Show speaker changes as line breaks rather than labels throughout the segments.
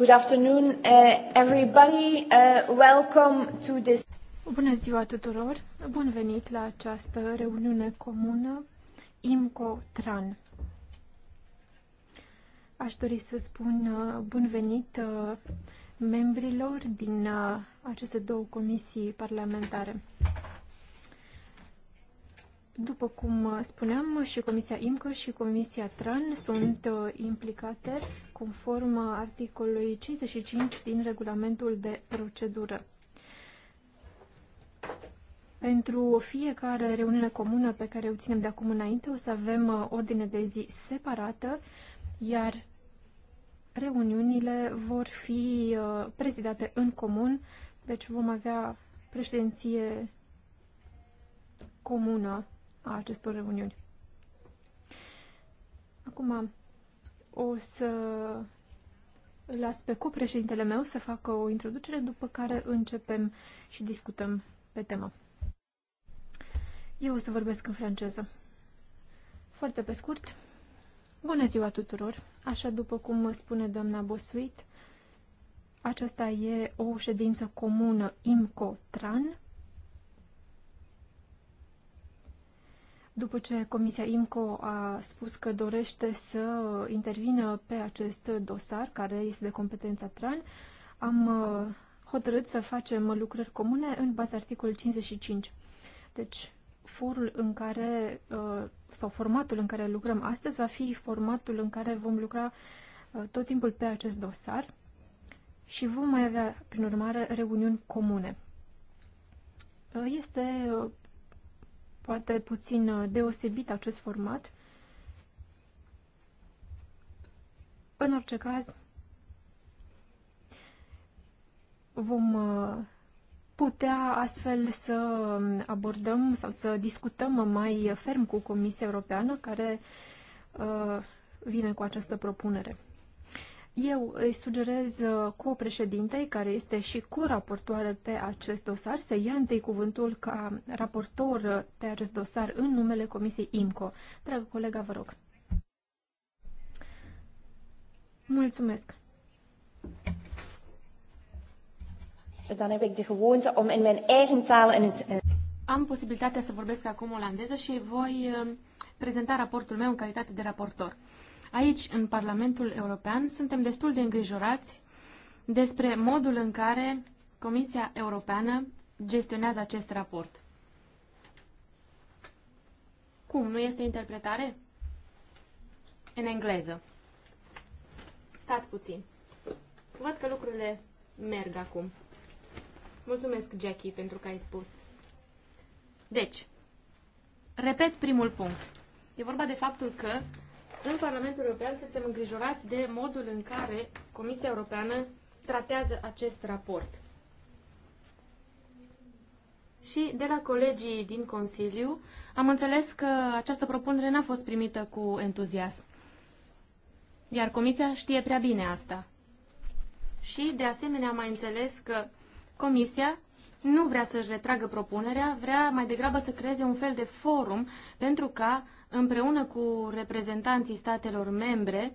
Good afternoon, uh, everybody. Uh, welcome to this. Bună ziua tuturor. Bun venit la această reuniune comună IMCO Tran. Aș dori să spun uh, bun venit uh, membrilor din uh, aceste două comisii parlamentare. După cum uh, spuneam, și Comisia IMCO și Comisia TRAN sunt uh, implicate conform uh, articolului 55 din regulamentul de procedură. Pentru fiecare reuniune comună pe care o ținem de acum înainte, o să avem ordine de zi separată, iar reuniunile vor fi prezidate în comun, deci vom avea președinție comună a acestor reuniuni. Acum o să las pe copreședintele meu să facă o introducere, după care începem și discutăm pe temă. Eu o să vorbesc în franceză. Foarte pe scurt. Bună ziua tuturor! Așa după cum spune doamna Bosuit, aceasta e o ședință comună IMCO-TRAN, După ce Comisia IMCO a spus că dorește să intervină pe acest dosar, care este de competența TRAN, am uh, hotărât să facem lucrări comune în baza articolului 55. Deci, furul în care, uh, sau formatul în care lucrăm astăzi va fi formatul în care vom lucra uh, tot timpul pe acest dosar și vom mai avea, prin urmare, reuniuni comune. Este poate puțin uh, deosebit acest format. În orice caz, vom uh, putea astfel să um, abordăm sau să discutăm mai ferm cu Comisia Europeană care uh, vine cu această propunere. Eu îi sugerez uh, co-președintei, care este și co-raportoare pe acest dosar, să ia întâi cuvântul ca raportor uh, pe acest dosar în numele Comisiei IMCO. Dragă colega, vă rog. Mulțumesc. Dan heb ik de gewoonte om in mijn eigen taal in het... Eh,
Am posibilitatea să vorbesc acum olandeză și voi eh, prezenta raportul meu în calitate de raportor. Uh, Aici, în Parlamentul European, suntem destul de îngrijorați despre modul în care Comisia Europeană gestionează acest raport. Cum? Nu este interpretare? În engleză. Stați puțin. Văd că lucrurile merg acum. Mulțumesc, Jackie, pentru că ai spus. Deci, repet primul punct. E vorba de faptul că în Parlamentul European suntem îngrijorați de modul în care Comisia Europeană tratează acest raport. Și de la colegii din Consiliu am înțeles că această propunere n-a fost primită cu entuziasm. Iar Comisia știe prea bine asta. Și, de asemenea, am mai înțeles că Comisia nu vrea să-și retragă propunerea, vrea mai degrabă să creeze un fel de forum pentru ca împreună cu reprezentanții statelor membre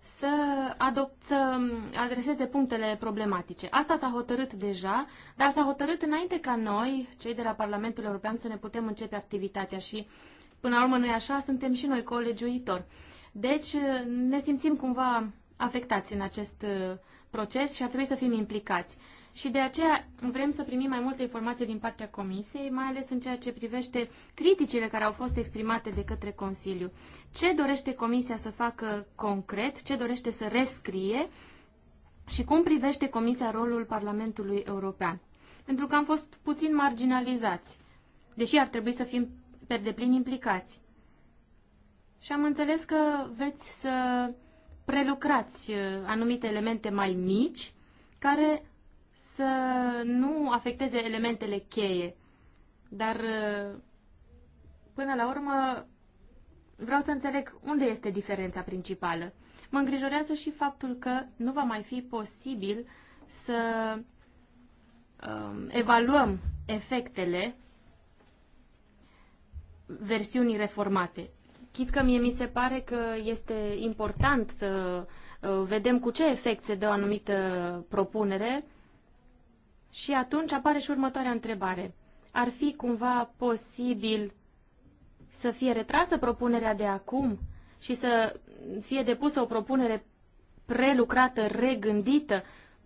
să, adopt, să adreseze punctele problematice. Asta s-a hotărât deja, dar s-a hotărât înainte ca noi, cei de la Parlamentul European, să ne putem începe activitatea și, până la urmă, noi așa suntem și noi colegiuitori. Deci ne simțim cumva afectați în acest uh, proces și ar trebui să fim implicați și de aceea vrem să primim mai multe informații din partea Comisiei, mai ales în ceea ce privește criticile care au fost exprimate de către Consiliu. Ce dorește Comisia să facă concret, ce dorește să rescrie și cum privește Comisia rolul Parlamentului European. Pentru că am fost puțin marginalizați, deși ar trebui să fim pe deplin implicați. Și am înțeles că veți să prelucrați uh, anumite elemente mai mici, care să nu afecteze elementele cheie. Dar până la urmă vreau să înțeleg unde este diferența principală. Mă îngrijorează și faptul că nu va mai fi posibil să um, evaluăm efectele versiunii reformate. Chit că mie mi se pare că este important să uh, vedem cu ce efect se dă o anumită propunere, și atunci apare și următoarea întrebare. Ar fi cumva posibil să fie retrasă propunerea de acum și să fie depusă o propunere prelucrată, regândită,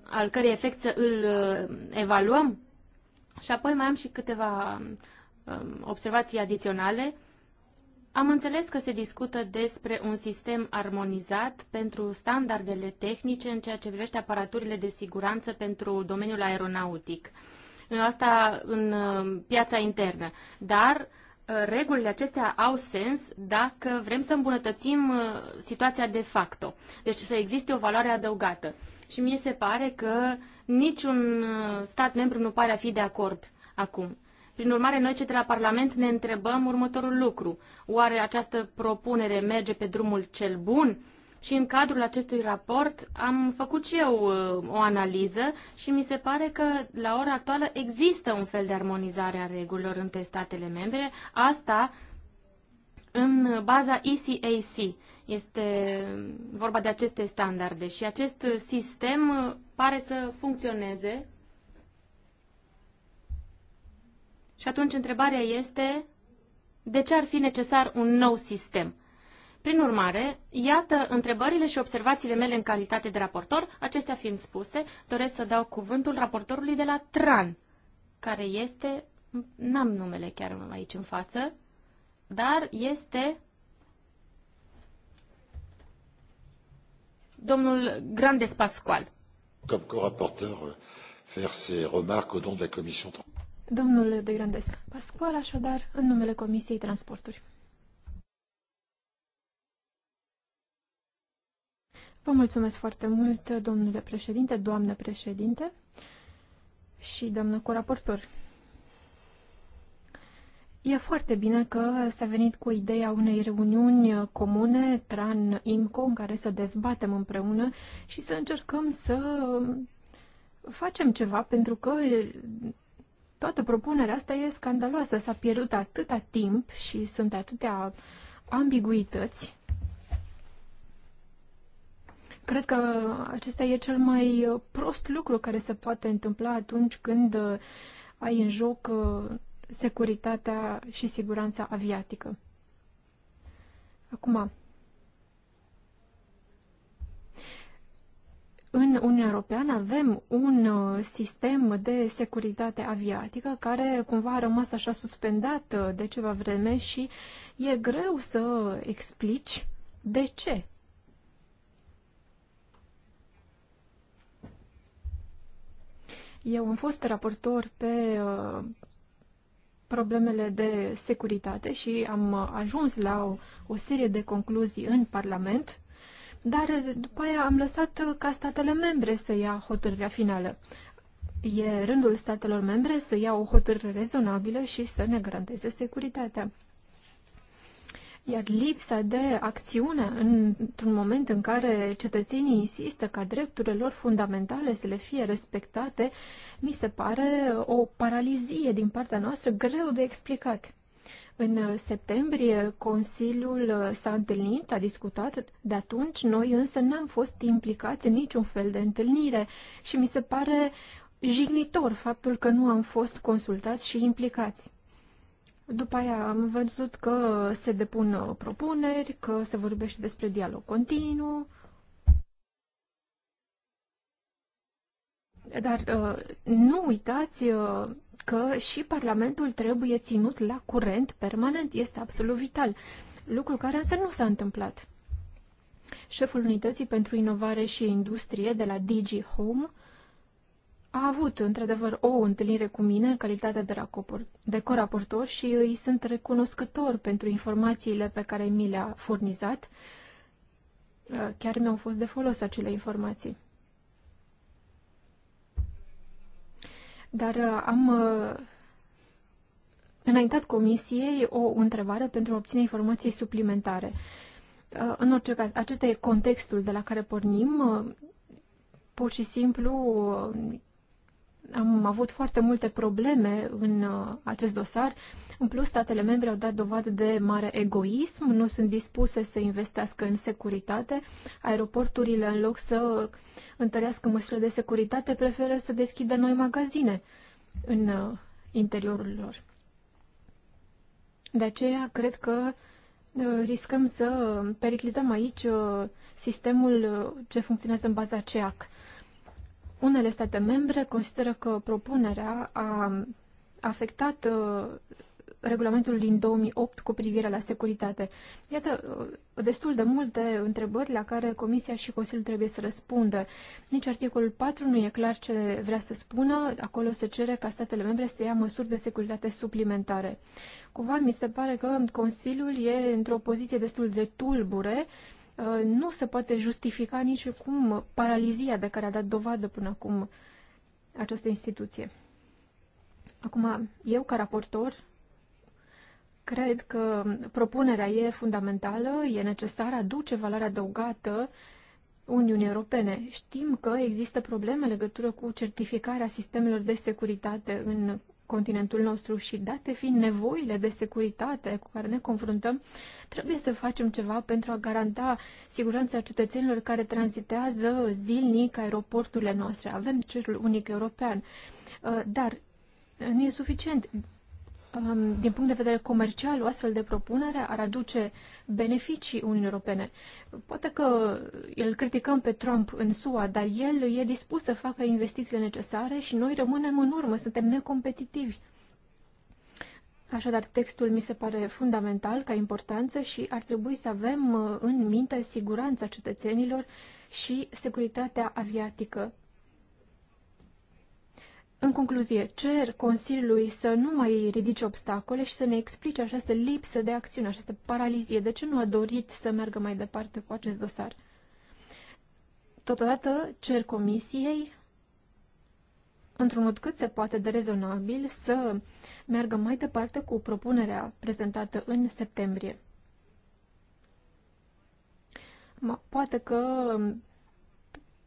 al cărei efect să îl uh, evaluăm? Și apoi mai am și câteva um, observații adiționale. Am înțeles că se discută despre un sistem armonizat pentru standardele tehnice în ceea ce privește aparaturile de siguranță pentru domeniul aeronautic. Asta în uh, piața internă. Dar uh, regulile acestea au sens dacă vrem să îmbunătățim uh, situația de facto. Deci să existe o valoare adăugată. Și mie se pare că niciun stat membru nu pare a fi de acord acum. Prin urmare, noi cei de la Parlament ne întrebăm următorul lucru. Oare această propunere merge pe drumul cel bun? Și în cadrul acestui raport am făcut și eu uh, o analiză și mi se pare că la ora actuală există un fel de armonizare a regulilor între statele membre, asta în baza ECAC. Este vorba de aceste standarde și acest sistem uh, pare să funcționeze Și atunci întrebarea este de ce ar fi necesar un nou sistem? Prin urmare, iată întrebările și observațiile mele în calitate de raportor. Acestea fiind spuse, doresc să dau cuvântul raportorului de la TRAN, care este, n-am numele chiar aici în față, dar este domnul Grandes Pascual.
Comme co raporteur euh, faire ses remarques au nom de la Commission. Domnul de Grandes Pascual, așadar, în numele Comisiei Transporturi. Vă mulțumesc foarte mult, domnule președinte, doamnă președinte și doamnă coraportor. E foarte bine că s-a venit cu ideea unei reuniuni comune, TRAN-IMCO, în care să dezbatem împreună și să încercăm să facem ceva, pentru că Toată propunerea asta e scandaloasă. S-a pierdut atâta timp și sunt atâtea ambiguități. Cred că acesta e cel mai prost lucru care se poate întâmpla atunci când uh, ai în joc uh, securitatea și siguranța aviatică. Acum, În Uniunea Europeană avem un uh, sistem de securitate aviatică care cumva a rămas așa suspendat uh, de ceva vreme și e greu să explici de ce Eu am fost raportor pe uh, problemele de securitate și am ajuns la o, o serie de concluzii în Parlament dar eh, după aia am lăsat eh, ca statele membre să ia hotărârea finală. E rândul statelor membre să ia o hotărâre rezonabilă și să ne garanteze securitatea. Iar lipsa de acțiune într-un moment în care cetățenii insistă ca drepturile lor fundamentale să le fie respectate, mi se pare eh, o paralizie din partea noastră greu de explicat. În septembrie Consiliul s-a întâlnit, a discutat, de atunci noi însă n-am fost implicați în niciun fel de întâlnire și mi se pare jignitor faptul că nu am fost consultați și implicați. După aia am văzut că se depun propuneri, că se vorbește despre dialog continuu, dar uh, nu uitați uh, că și Parlamentul trebuie ținut la curent permanent. Este absolut vital. Lucru care însă nu s-a întâmplat. Șeful Unității pentru Inovare și Industrie de la DG Home a avut, într-adevăr, o întâlnire cu mine în calitate de, de coraportor și îi sunt recunoscător pentru informațiile pe care mi le-a furnizat. Chiar mi-au fost de folos acele informații. dar uh, am uh, înaintat comisiei o întrebare pentru a obține informații suplimentare. Uh, în orice caz, acesta e contextul de la care pornim. Pur și simplu am avut foarte multe probleme în uh, acest dosar. În plus, statele membre au dat dovadă de mare egoism, nu sunt dispuse să investească în securitate. Aeroporturile, în loc să întărească măsurile de securitate, preferă să deschidă noi magazine în uh, interiorul lor. De aceea, cred că uh, riscăm să periclităm aici sistemul ce funcționează în baza CEAC. Unele state membre consideră că propunerea a afectat uh, regulamentul din 2008 cu privire la securitate. Iată, uh, destul de multe întrebări la care Comisia și Consiliul trebuie să răspundă. Nici articolul 4 nu e clar ce vrea să spună. Acolo se cere ca statele membre să ia măsuri de securitate suplimentare. Cumva mi se pare că Consiliul e într-o poziție destul de tulbure Uh, nu se poate justifica nicicum paralizia de care a dat dovadă până acum această instituție. Acum, eu ca raportor cred că propunerea e fundamentală, e necesară, aduce valoare adăugată Uniunii Europene. Știm că există probleme în legătură cu certificarea sistemelor de securitate în continentul nostru și date fiind nevoile de securitate cu care ne confruntăm, trebuie să facem ceva pentru a garanta siguranța cetățenilor care tranzitează zilnic aeroporturile noastre. Avem cerul unic european, uh, dar uh, nu e suficient. Um, din punct de vedere comercial, o astfel de propunere ar aduce beneficii Uniunii Europene. Poate că îl criticăm pe Trump în SUA, dar el e dispus să facă investițiile necesare și noi rămânem în urmă, suntem necompetitivi. Așadar, textul mi se pare fundamental ca importanță și ar trebui să avem uh, în minte siguranța cetățenilor și securitatea aviatică în concluzie, cer Consiliului să nu mai ridice obstacole și să ne explice această lipsă de acțiune, această paralizie. De ce nu a dorit să meargă mai departe cu acest dosar? Totodată cer Comisiei, într-un mod cât se poate de rezonabil, să meargă mai departe cu propunerea prezentată în septembrie. Poate că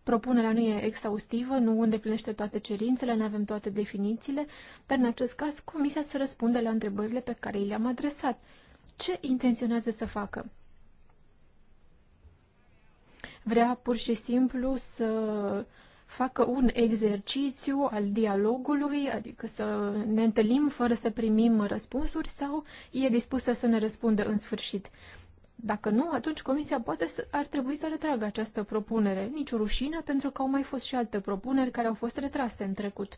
Propunerea nu e exhaustivă, nu îndeplinește toate cerințele, nu avem toate definițiile, dar în acest caz Comisia să răspunde la întrebările pe care i le-am adresat. Ce intenționează să facă? Vrea pur și simplu să facă un exercițiu al dialogului, adică să ne întâlnim fără să primim răspunsuri sau e dispusă să ne răspundă în sfârșit. Dacă nu, atunci Comisia poate să, ar trebui să retragă această propunere. Nici rușine, pentru că au mai fost și alte propuneri care au fost retrase în trecut.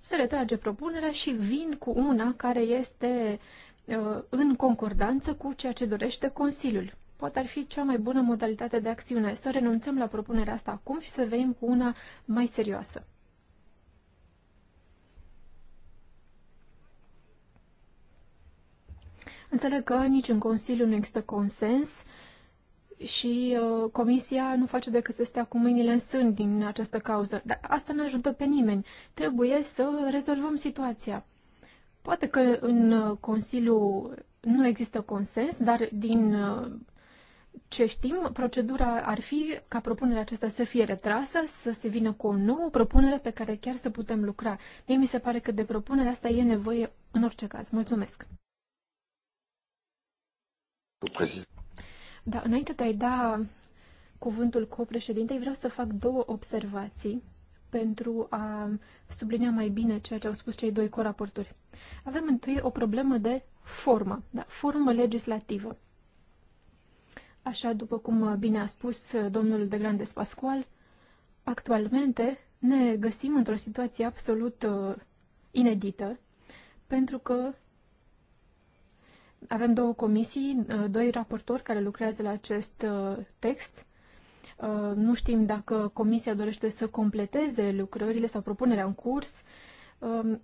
Se retrage propunerea și vin cu una care este uh, în concordanță cu ceea ce dorește Consiliul. Poate ar fi cea mai bună modalitate de acțiune să renunțăm la propunerea asta acum și să venim cu una mai serioasă. Înțeleg că nici în Consiliu nu există consens și uh, Comisia nu face decât să stea cu mâinile în sân din această cauză. Dar asta nu ajută pe nimeni. Trebuie să rezolvăm situația. Poate că în uh, Consiliu nu există consens, dar din uh, ce știm, procedura ar fi ca propunerea aceasta să fie retrasă, să se vină cu o nouă propunere pe care chiar să putem lucra. Mie mi se pare că de propunerea asta e nevoie în orice caz. Mulțumesc! Da, înainte de a-i da cuvântul copreședintei, vreau să fac două observații pentru a sublinia mai bine ceea ce au spus cei doi coraportori. Avem întâi o problemă de formă, da, formă legislativă. Așa după cum bine a spus domnul de Grandes Pascual, actualmente ne găsim într-o situație absolut uh, inedită, pentru că avem două comisii, uh, doi raportori care lucrează la acest uh, text. Uh, nu știm dacă comisia dorește să completeze lucrările sau propunerea în curs. Um,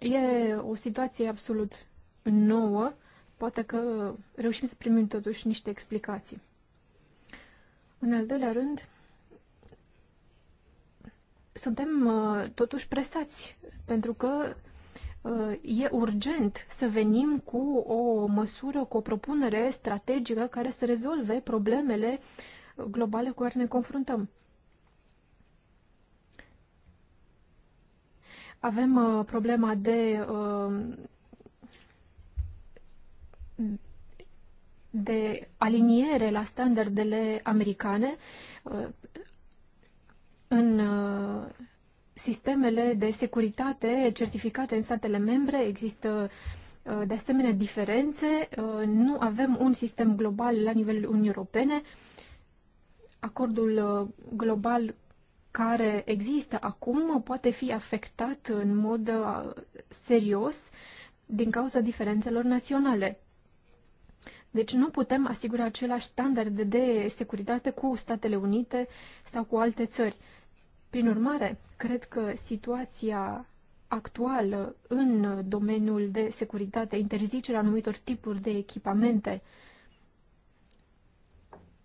e o situație absolut nouă. Poate că reușim să primim totuși niște explicații. În al doilea rând, suntem totuși presați, pentru că Uh, e urgent să venim cu o măsură, cu o propunere strategică care să rezolve problemele globale cu care ne confruntăm. Avem uh, problema de uh, de aliniere la standardele americane uh, în uh, sistemele de securitate certificate în statele membre, există uh, de asemenea diferențe, uh, nu avem un sistem global la nivelul Uniunii Europene. Acordul uh, global care există acum poate fi afectat în mod serios din cauza diferențelor naționale. Deci nu putem asigura același standard de securitate cu Statele Unite sau cu alte țări. Prin urmare, cred că situația actuală în domeniul de securitate, interzicerea anumitor tipuri de echipamente,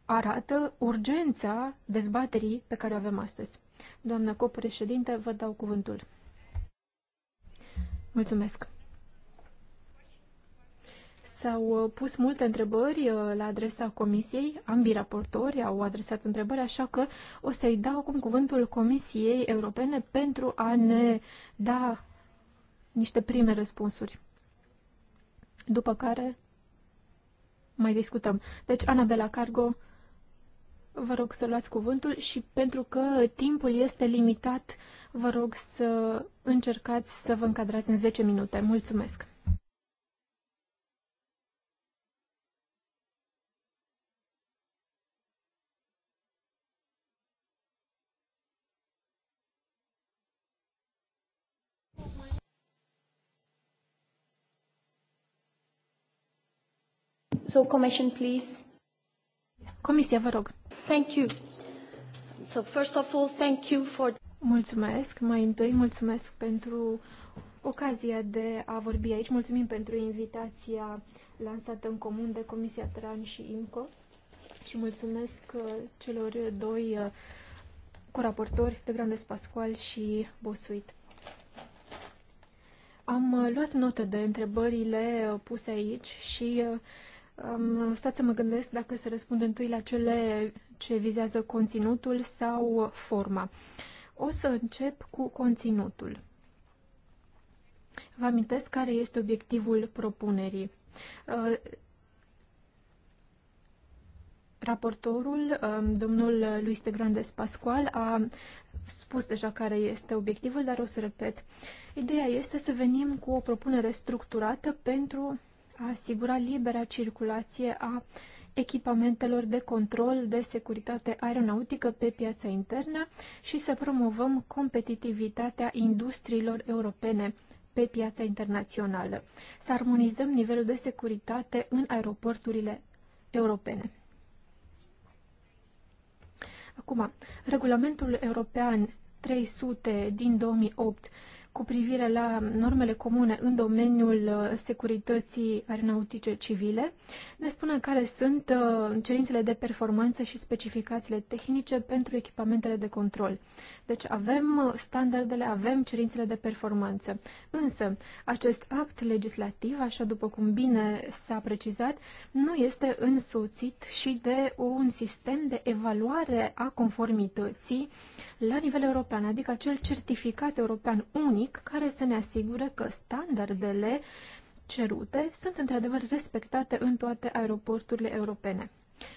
arată urgența dezbaterii pe care o avem astăzi. Doamnă copreședinte, vă dau cuvântul. Mulțumesc. S-au uh, pus multe întrebări uh, la adresa comisiei, ambii raportori au adresat întrebări, așa că o să-i dau acum cuvântul Comisiei Europene pentru a ne da niște prime răspunsuri. După care mai discutăm. Deci, Anabela Cargo, vă rog să luați cuvântul și pentru că timpul este limitat, vă rog să încercați să vă încadrați în 10 minute. Mulțumesc! So Commission, please. Comisia, vă rog. Thank you. So first of all, thank you for... Mulțumesc. Mai întâi, mulțumesc pentru ocazia de a vorbi aici. Mulțumim pentru invitația lansată în comun de Comisia Tran și IMCO și mulțumesc uh, celor doi uh, coraportori de Grandes Pascual și Bosuit. Am uh, luat notă de întrebările puse aici și Um, stați să mă gândesc dacă să răspund întâi la cele ce vizează conținutul sau forma. O să încep cu conținutul. Vă amintesc care este obiectivul propunerii. raportorul, domnul Luis de Grandes Pascual, a spus deja care este obiectivul, dar o să repet. Ideea este să venim cu o propunere structurată pentru a asigura libera circulație a echipamentelor de control de securitate aeronautică pe piața internă și să promovăm competitivitatea industriilor europene pe piața internațională, să armonizăm nivelul de securitate în aeroporturile europene. Acum, regulamentul european 300 din 2008 cu privire la normele comune în domeniul uh, securității aeronautice civile. Ne spune care sunt uh, cerințele de performanță și specificațiile tehnice pentru echipamentele de control. Deci avem uh, standardele, avem cerințele de performanță. Însă, acest act legislativ, așa după cum bine s-a precizat, nu este însoțit și de un sistem de evaluare a conformității la nivel european, adică acel certificat european unic unic care să ne asigure că standardele cerute sunt într-adevăr respectate în toate aeroporturile europene.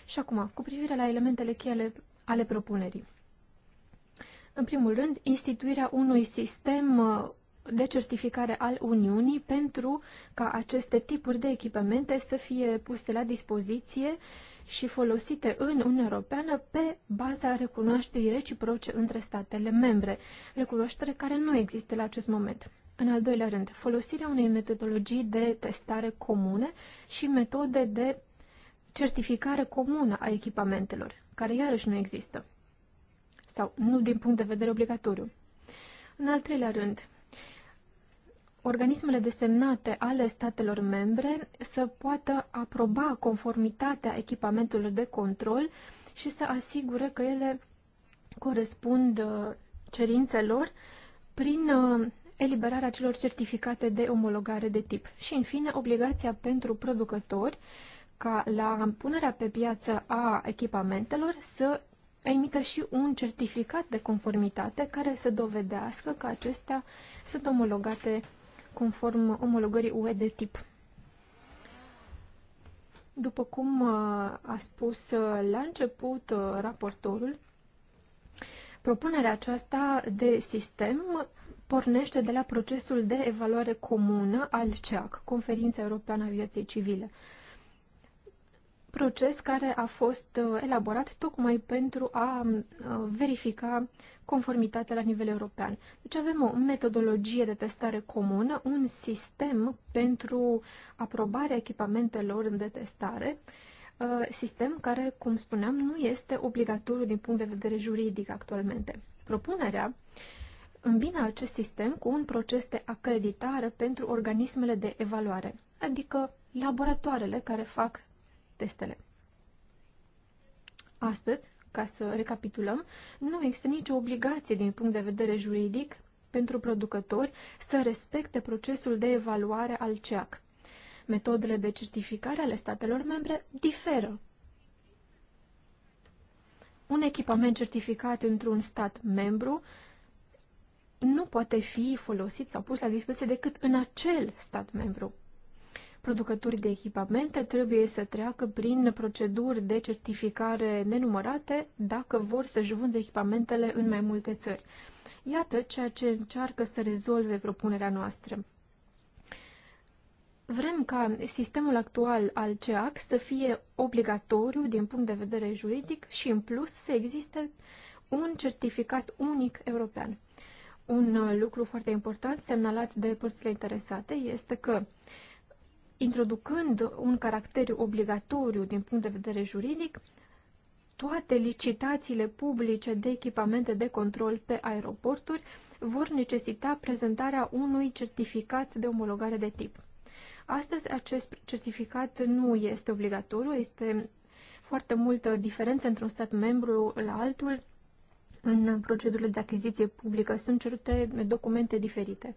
Și acum, cu privire la elementele cheie ale, ale propunerii. În primul rând, instituirea unui sistem uh, de certificare al Uniunii pentru ca aceste tipuri de echipamente să fie puse la dispoziție uh, și folosite în Uniunea Europeană pe baza recunoașterii reciproce între statele membre, recunoaștere care nu există la acest moment. În al doilea rând, folosirea unei metodologii de testare comune și metode de certificare comună a echipamentelor, care iarăși nu există, sau nu din punct de vedere obligatoriu. În al treilea rând, organismele desemnate ale statelor membre să poată aproba conformitatea echipamentelor de control și să asigure că ele corespund uh, cerințelor prin uh, eliberarea celor certificate de omologare de tip. Și, în fine, obligația pentru producători ca la punerea pe piață a echipamentelor să emită și un certificat de conformitate care să dovedească că acestea sunt omologate conform omologării UE de tip. După cum uh, a spus uh, la început uh, raportorul, propunerea aceasta de sistem pornește de la procesul de evaluare comună al CEAC, Conferința Europeană a Aviației Civile, proces care a fost elaborat tocmai pentru a verifica conformitate la nivel european. Deci avem o metodologie de testare comună, un sistem pentru aprobarea echipamentelor de testare, uh, sistem care, cum spuneam, nu este obligatoriu din punct de vedere juridic actualmente. Propunerea îmbină acest sistem cu un proces de acreditare pentru organismele de evaluare, adică laboratoarele care fac testele. Astăzi, ca să recapitulăm, nu există nicio obligație din punct de vedere juridic pentru producători să respecte procesul de evaluare al CEAC. Metodele de certificare ale statelor membre diferă. Un echipament certificat într-un stat membru nu poate fi folosit sau pus la dispoziție decât în acel stat membru producătorii de echipamente trebuie să treacă prin proceduri de certificare nenumărate dacă vor să-și vândă echipamentele în mai multe țări. Iată ceea ce încearcă să rezolve propunerea noastră. Vrem ca sistemul actual al CEAC să fie obligatoriu din punct de vedere juridic și, în plus, să existe un certificat unic european. Un uh, lucru foarte important semnalat de părțile interesate este că introducând un caracter obligatoriu din punct de vedere juridic, toate licitațiile publice de echipamente de control pe aeroporturi vor necesita prezentarea unui certificat de omologare de tip. Astăzi acest certificat nu este obligatoriu, este foarte multă diferență într-un stat membru la altul. În procedurile de achiziție publică sunt cerute documente diferite.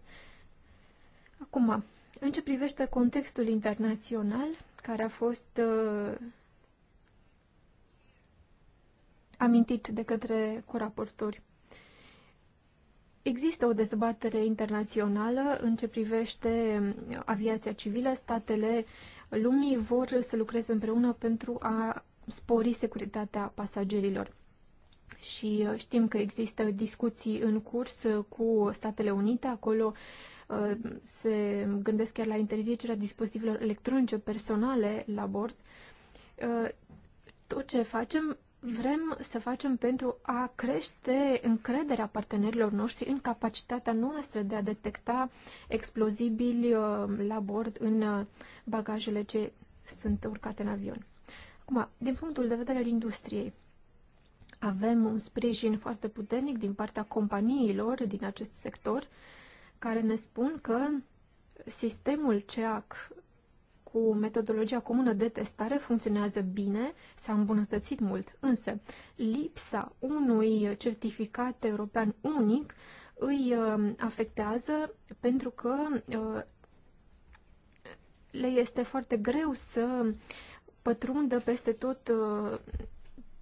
Acum, în ce privește contextul internațional, care a fost uh, amintit de către coraportori, Există o dezbatere internațională în ce privește uh, aviația civilă. Statele lumii vor să lucreze împreună pentru a spori securitatea pasagerilor. Și uh, știm că există discuții în curs uh, cu Statele Unite, acolo uh, Uh, se gândesc chiar la interzicerea dispozitivelor electronice personale la bord. Uh, tot ce facem, vrem să facem pentru a crește încrederea partenerilor noștri în capacitatea noastră de a detecta explozibili uh, la bord în bagajele ce sunt urcate în avion. Acum, din punctul de vedere al industriei, avem un sprijin foarte puternic din partea companiilor din acest sector, uh, care ne spun că sistemul CEAC cu metodologia comună de testare funcționează bine, s-a îmbunătățit mult, însă lipsa unui certificat european unic îi uh, afectează pentru că uh, le este foarte greu să pătrundă peste tot uh,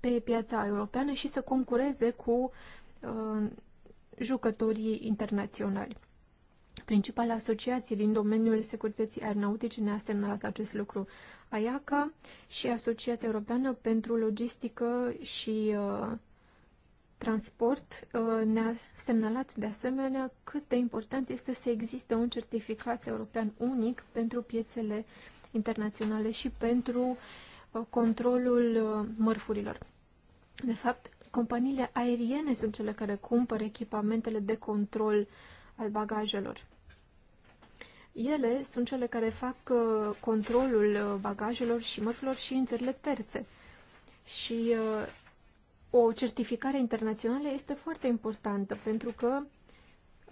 pe piața europeană și să concureze cu jucătorii internaționali. Principala asociație din domeniul securității aeronautice ne-a semnalat acest lucru. AIACA și Asociația Europeană pentru Logistică și uh, Transport uh, ne-a semnalat de asemenea cât de important este să existe un certificat european unic pentru piețele internaționale și pentru uh, controlul uh, mărfurilor. De fapt, companiile aeriene sunt cele care cumpără echipamentele de control al bagajelor. Ele sunt cele care fac uh, controlul uh, bagajelor și mărfilor și în țările terțe. Și uh, o certificare internațională este foarte importantă pentru că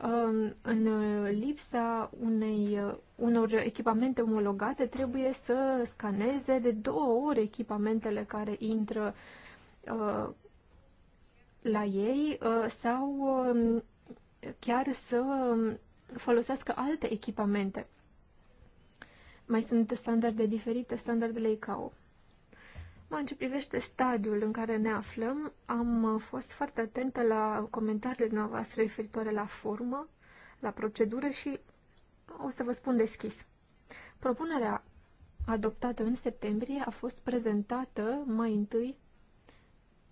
um, în lipsa unei, unor echipamente omologate trebuie să scaneze de două ori echipamentele care intră uh, la ei uh, sau uh, chiar să um, folosească alte echipamente. Mai sunt standarde diferite, standardele ICAO. Mă, în ce privește stadiul în care ne aflăm, am fost foarte atentă la comentariile noastre referitoare la formă, la procedură și o să vă spun deschis. Propunerea adoptată în septembrie a fost prezentată mai întâi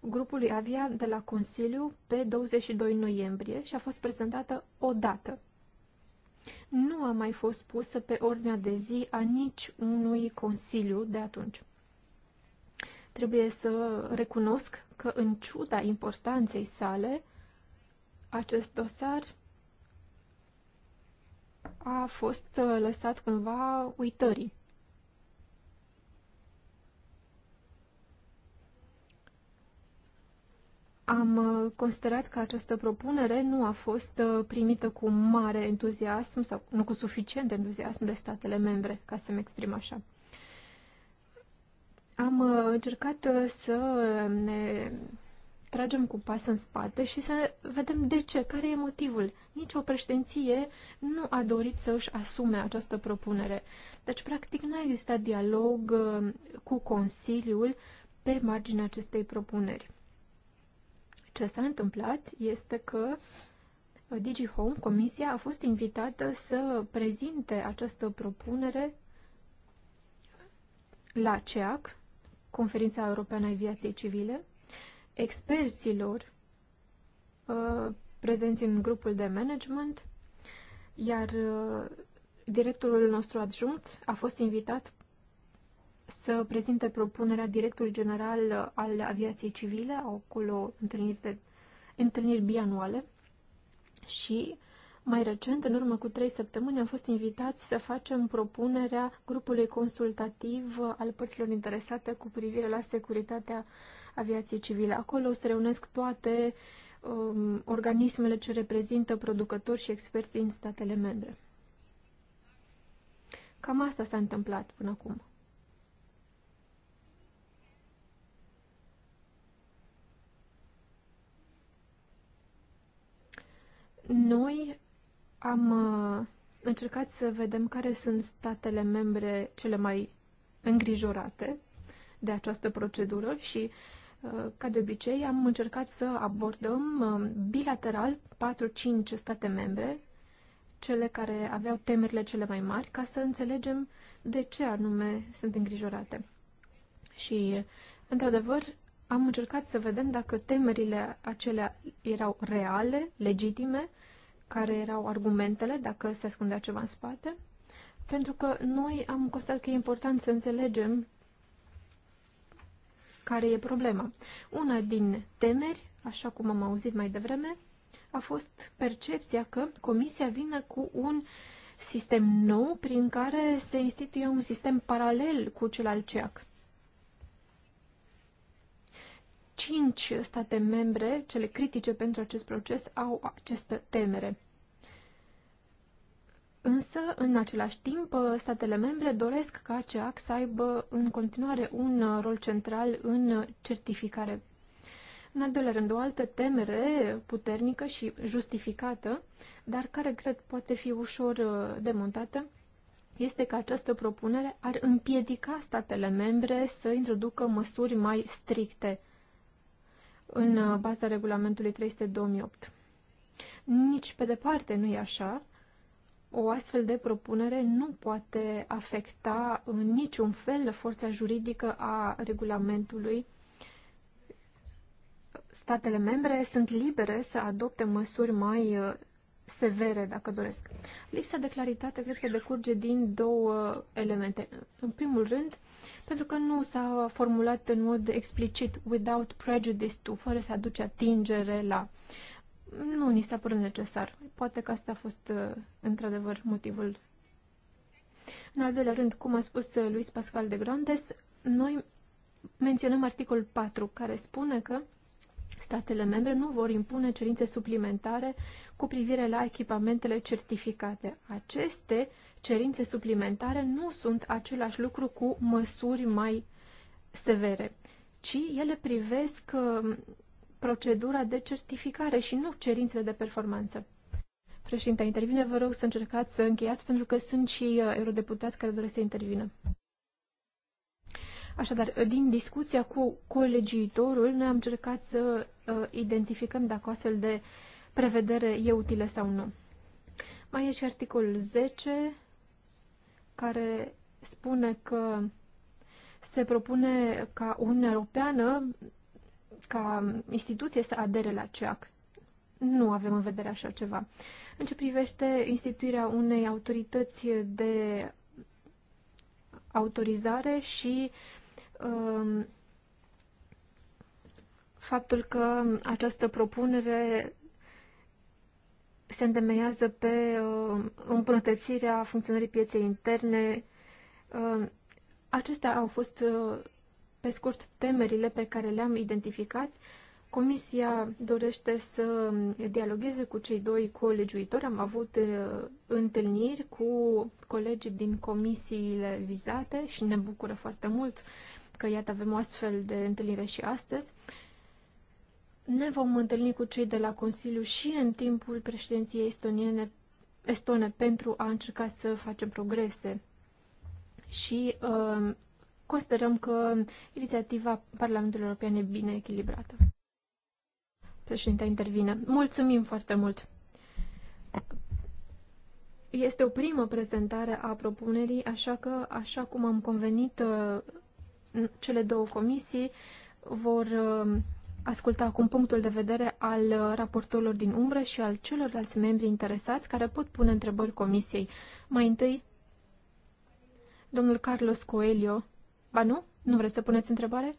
grupului Avia de la Consiliu pe 22 noiembrie și a fost prezentată o dată nu a mai fost pusă pe ordinea de zi a nici unui consiliu de atunci. Trebuie să recunosc că, în ciuda importanței sale, acest dosar a fost uh, lăsat cumva uitării. Am uh, considerat că această propunere nu a fost uh, primită cu mare entuziasm sau nu cu suficient entuziasm de statele membre, ca să-mi exprim așa. Am uh, încercat să ne tragem cu pas în spate și să vedem de ce, care e motivul. Nici o președinție nu a dorit să își asume această propunere. Deci, practic, n-a existat dialog cu Consiliul pe marginea acestei propuneri. Ce s-a întâmplat este că uh, DigiHome, comisia, a fost invitată să prezinte această propunere la CEAC, Conferința Europeană a Aviației Civile, experților uh, prezenți în grupul de management, iar uh, directorul nostru adjunct a fost invitat să prezinte propunerea directorului general al aviației civile, au acolo întâlniri, de, întâlniri bianuale și mai recent, în urmă cu trei săptămâni, am fost invitați să facem propunerea grupului consultativ al părților interesate cu privire la securitatea aviației civile. Acolo se reunesc toate um, organismele ce reprezintă producători și experți din statele membre. Cam asta s-a întâmplat până acum. Noi am uh, încercat să vedem care sunt statele membre cele mai îngrijorate de această procedură și, uh, ca de obicei, am încercat să abordăm uh, bilateral 4-5 state membre, cele care aveau temerile cele mai mari, ca să înțelegem de ce anume sunt îngrijorate. Și, într-adevăr, am încercat să vedem dacă temerile acelea erau reale, legitime, care erau argumentele, dacă se ascundea ceva în spate, pentru că noi am constat că e important să înțelegem care e problema. Una din temeri, așa cum am auzit mai devreme, a fost percepția că Comisia vine cu un sistem nou prin care se instituie un sistem paralel cu cel al CEAC. Cinci state membre, cele critice pentru acest proces, au această temere. Însă, în același timp, statele membre doresc ca CEAC să aibă în continuare un rol central în certificare. În al doilea rând, o altă temere puternică și justificată, dar care cred poate fi ușor uh, demontată, este că această propunere ar împiedica statele membre să introducă măsuri mai stricte în uh, baza regulamentului 300-2008. Nici pe departe nu e așa. O astfel de propunere nu poate afecta în niciun fel forța juridică a regulamentului. Statele membre sunt libere să adopte măsuri mai uh, severe, dacă doresc. Lipsa de claritate cred că decurge din două elemente. În primul rând, pentru că nu s-a formulat în mod explicit without prejudice to, fără să aduce atingere la. Nu ni s-a părut necesar. Poate că asta a fost uh, într-adevăr motivul. În al doilea rând, cum a spus uh, Luis Pascal de Grandes, noi menționăm articolul 4, care spune că Statele membre nu vor impune cerințe suplimentare cu privire la echipamentele certificate. Aceste cerințe suplimentare nu sunt același lucru cu măsuri mai severe, ci ele privesc um, procedura de certificare și nu cerințele de performanță. Președinte, intervine, vă rog să încercați să încheiați, pentru că sunt și uh, eurodeputați care doresc să intervină. Așadar, din discuția cu colegiitorul, noi am încercat să uh, identificăm dacă o astfel de prevedere e utilă sau nu. Mai e și articolul 10, care spune că se propune ca Uniunea Europeană, ca instituție, să adere la CEAC. Nu avem în vedere așa ceva. În ce privește instituirea unei autorități de autorizare și Um, faptul că această propunere se îndemeiază pe uh, îmbunătățirea funcționării pieței interne. Uh, acestea au fost, uh, pe scurt, temerile pe care le-am identificat. Comisia dorește să dialogueze cu cei doi colegiuitori. Am avut uh, întâlniri cu colegii din comisiile vizate și ne bucură foarte mult uh, că iată avem o astfel de întâlnire și astăzi. Ne vom întâlni cu cei de la Consiliu și în timpul președinției estoniene, estone pentru a încerca să facem progrese. Și uh, considerăm că inițiativa Parlamentului European e bine echilibrată. Președinta intervine. Mulțumim foarte mult! Este o primă prezentare a propunerii, așa că, așa cum am convenit uh, cele două comisii vor um, asculta acum punctul de vedere al raportorilor din umbră și al celorlalți membri interesați care pot pune întrebări comisiei. Mai întâi, domnul Carlos Coelho. Ba nu? Nu vreți să puneți întrebare?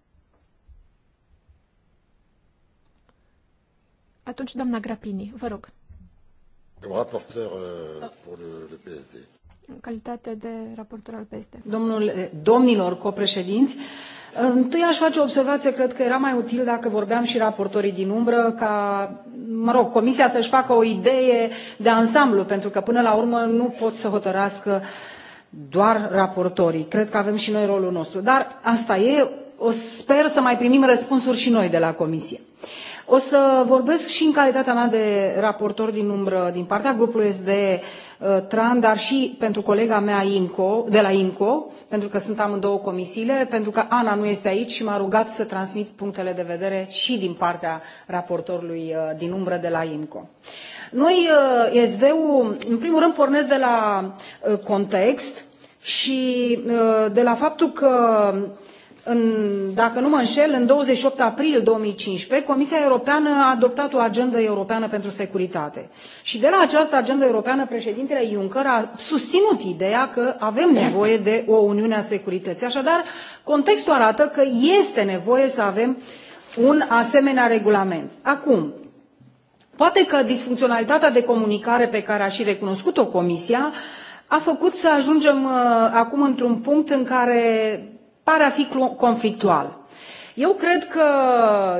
Atunci, doamna Grapini, vă rog.
Raporteur uh, pour
le PSD în calitate de raportor al PESTE.
Domnul, eh, domnilor copreședinți, eh, Întâi aș face o observație, cred că era mai util dacă vorbeam și raportorii din umbră, ca, mă rog, Comisia să-și facă o idee de ansamblu, pentru că până la urmă nu pot să hotărască doar raportorii. Cred că avem și noi rolul nostru. Dar asta e, o sper să mai primim răspunsuri și noi de la Comisie. O să vorbesc și în calitatea mea de raportor din umbră din partea grupului SD uh, Tran, dar și pentru colega mea IMCO, de la IMCO, pentru că sunt amândouă comisiile, pentru că Ana nu este aici și m-a rugat să transmit punctele de vedere și din partea raportorului uh, din umbră de la IMCO. Noi, uh, SD-ul, în primul rând pornesc de la context și de la faptul că dacă nu mă înșel, în 28 aprilie 2015, Comisia Europeană a adoptat o agendă europeană pentru securitate. Și de la această agendă europeană, președintele Juncker a susținut ideea că avem nevoie de o Uniune a Securității. Așadar, contextul arată că este nevoie să avem un asemenea regulament. Acum, poate că disfuncționalitatea de comunicare pe care a și recunoscut-o Comisia a făcut să ajungem uh, acum într-un punct în care pare a fi conflictual. Eu cred că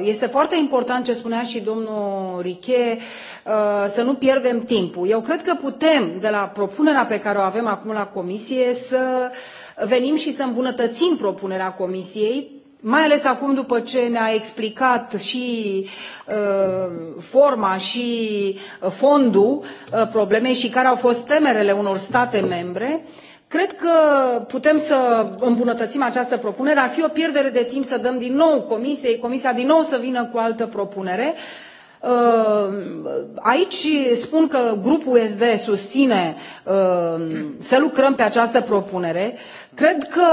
este foarte important ce spunea și domnul Riche, uh, să nu pierdem timpul. Eu cred că putem, de la propunerea pe care o avem acum la Comisie, să venim și să îmbunătățim propunerea Comisiei mai ales acum după ce ne a explicat și uh, forma și fondul uh, problemei și care au fost temerele unor state membre cred că putem să îmbunătățim această propunere ar fi o pierdere de timp să dăm din nou comisiei comisia din nou să vină cu altă propunere. Uh, aici spun că grupul SD susține uh, să lucrăm pe această propunere. Cred că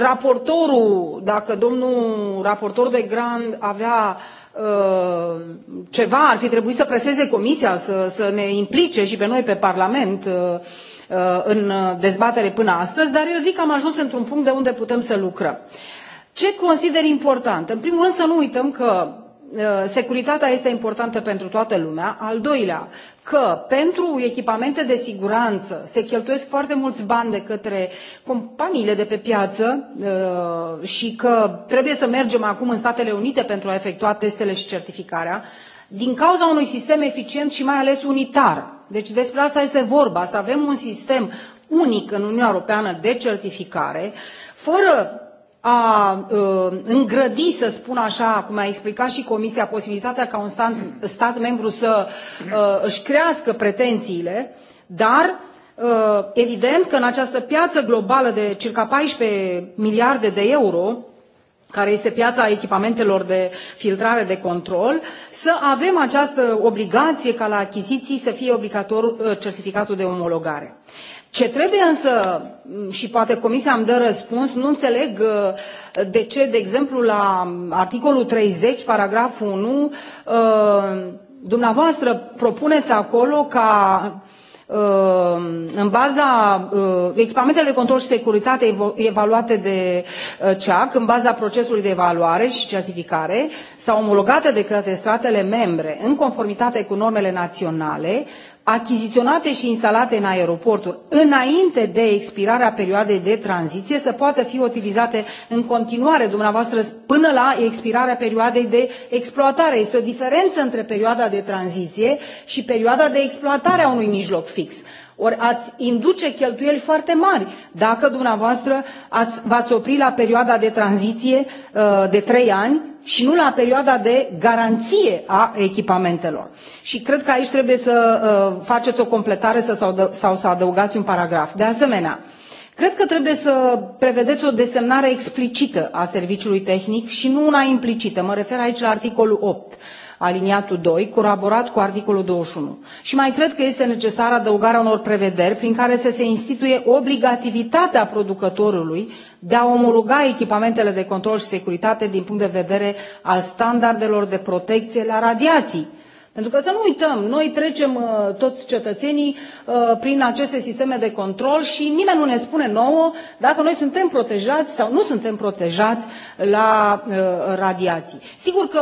raportorul, dacă domnul raportor de Grand avea Uh, ceva ar fi trebuit să preseze comisia să, să ne implice și pe noi pe parlament uh, uh, în dezbatere până astăzi dar eu zic că am ajuns într un punct de unde putem să lucrăm. ce consider important? în primul rând să nu uităm că Uh, securitatea este importantă pentru toată lumea. Al doilea, că pentru echipamente de siguranță se cheltuiesc foarte mulți bani de către companiile de pe piață uh, și că trebuie să mergem acum în Statele Unite pentru a efectua testele și certificarea din cauza unui sistem eficient și mai ales unitar. Deci despre asta este vorba, să avem un sistem unic în Uniunea Europeană de certificare, fără a ă, îngrădi, să spun așa, cum a explicat și Comisia, posibilitatea ca un stat, stat membru să ă, își crească pretențiile, dar ă, evident că în această piață globală de circa 14 miliarde de euro, care este piața echipamentelor de filtrare de control, să avem această obligație ca la achiziții să fie obligatoriu certificatul de omologare. Ce trebuie însă, și poate Comisia îmi dă răspuns, nu înțeleg uh, de ce, de exemplu, la articolul 30, paragraful 1, uh, dumneavoastră propuneți acolo ca uh, în baza echipamentele de control și securitate evaluate de ceac în baza procesului de evaluare și certificare sau omologate de către statele membre în conformitate cu normele naționale achiziționate și instalate în aeroporturi înainte de expirarea perioadei de tranziție să poată fi utilizate în continuare dumneavoastră până la expirarea perioadei de exploatare. Este o diferență între perioada de tranziție și perioada de exploatare a unui mijloc fix. Ori ați induce cheltuieli foarte mari dacă dumneavoastră ați, v-ați opri la perioada de tranziție uh, de trei ani și nu la perioada de garanție a echipamentelor. Și cred că aici trebuie să uh, faceți o completare sau să adăugați un paragraf. De asemenea, cred că trebuie să prevedeți o desemnare explicită a serviciului tehnic și nu una implicită. Mă refer aici la articolul opt aliniatul 2, colaborat cu articolul 21. Și mai cred că este necesară adăugarea unor prevederi prin care să se instituie obligativitatea producătorului de a omologa echipamentele de control și securitate din punct de vedere al standardelor de protecție la radiații pentru că să nu uităm, noi trecem uh, toți cetățenii uh, prin aceste sisteme de control și nimeni nu ne spune nouă dacă noi suntem protejați sau nu suntem protejați la uh, radiații. Sigur că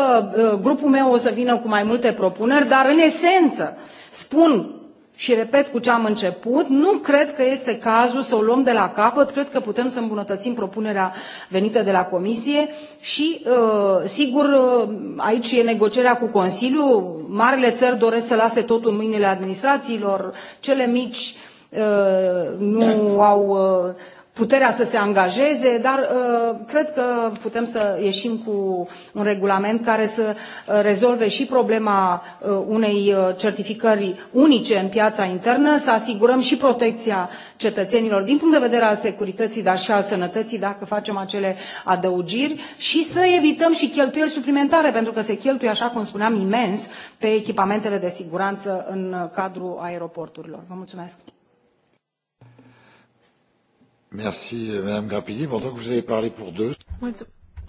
grupul meu o să vină cu mai multe propuneri, dar în esență spun și repet cu ce am început, nu cred că este cazul să o luăm de la capăt, cred că putem să îmbunătățim propunerea venită de la Comisie și, uh, sigur, uh, aici e negocierea cu Consiliul, marile țări doresc să lase totul în mâinile administrațiilor, cele mici uh, nu da. au puterea să se angajeze, dar uh, cred că putem să ieșim cu un regulament care să uh, rezolve și problema uh, unei certificări unice în piața internă, să asigurăm și protecția cetățenilor din punct de vedere al securității, dar și al sănătății dacă facem acele adăugiri și să evităm și cheltuieli suplimentare, pentru că se cheltuie, așa cum spuneam, imens pe echipamentele de siguranță în cadrul aeroporturilor. Vă mulțumesc!
Mulțumim.